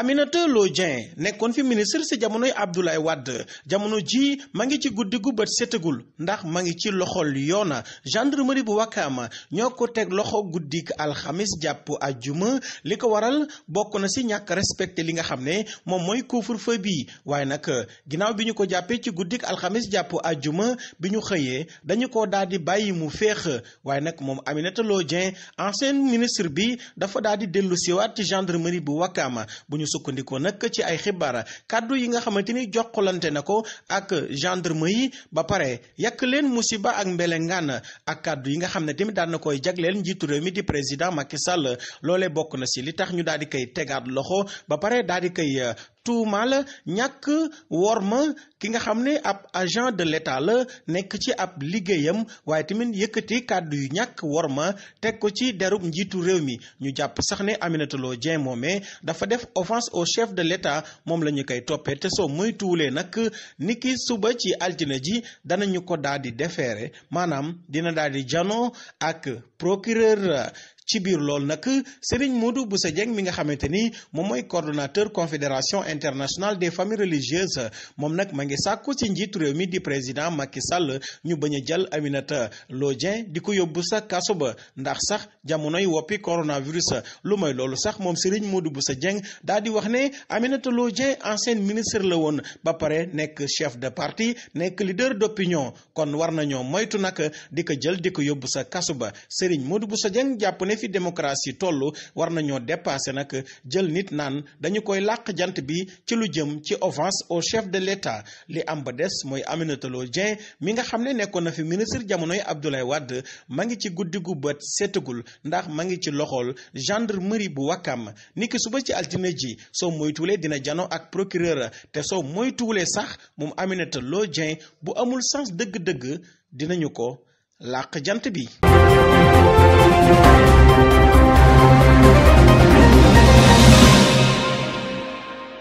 Aminata Lô Dieng nekkoon fi ministre si jamonoy Abdoulaye Wade jamono ji ma ngi ci guddi gu bët setagul ndax ma ngi ci loxol yoona gendarmerie bu Wakaam ñoo ko teg loxo guddik alxamis jàpp ajjuma li ko waral bokk na si ñàkk respecté li nga xam ne moom mooy couvre-feu bi waaye nag ginnaaw bi ñu ko jàppee ci guddik alxamis jàpp ajjuma bi ñu xëyee dañu ko daal di bàyyi mu féex waaye nag moom Aminata Lô Dieng ancien ministre bi dafa daal di dellu siwaat ci gendarmerie bu Wakaam bu ñu sukkandikoo nag ci ay xibaar kàddu yi nga xamante ni jokkalante na ko ak gendarmerie ba pare yàq leen musiba ak mbelengaan ak kàddu yi nga xam ne tamit daan na koy jagleel njiitu réew mi di président Macky Sall loole bokk na si li tax ñu daal di koy tegaat loxo ba pare daal di koy la ñàkk worma ki nga xam ne ab agent de l'État la nekk ci ab liggéeyam waaye tamit yëkkati kàddu yu ñàkk worma teg ko ci derub njiitu réew mi ñu jàpp sax ne Aminata Lô Dieng moomee dafa def offense au chef de l'État moom la ñu koy toppee te soo moytuwulee nag niki suba ci altine ji danañu ko daal di defeere maanaam dina daal di jano ak procureur ci biir loolu nag Serigne Modou sa jeng mi nga xamante ni moom mooy coordonnateur confédération internationale des familles religieuses moom nag ma ngi sàkku ci njiitu réew mi di président Macky Sall ñu bañ a jël Aminata Lô Dieng di ko yóbbu sa kaso ba ndax sax jamonoy woppi coronavirus lu may loolu sax moom Serigne Modou Bousso Dieng daal di wax ne Aminata Lô Dieng ancienne ministre la woon ba pare nekk chef de partie nekk leader d'opinion kon war nañoo moytu nag di ko jël di yóbbu sa kaso ba Serigne Modou Bousso Dieng jàpp fi démocratie toll war nañoo dépasser nag jël nit naan dañu koy làq jant bi ci lu jëm ci offense au chef de l'État li am ba des mooy Aminata Lô Dieng mi nga xam ne nekkoon na fi ministre jamonoy Abdoulaye wadd ma ngi ci guddi gu bët seetagul ndax ma ngi ci loxool gendre gendarmerie bu ni niki suba ci altine ji soo moytuwulee dina jano ak procureur te soo moytuwulee sax moom Aminata Lô Dieng bu amul sens dëgg-dëgg dinañu ko làq jant bi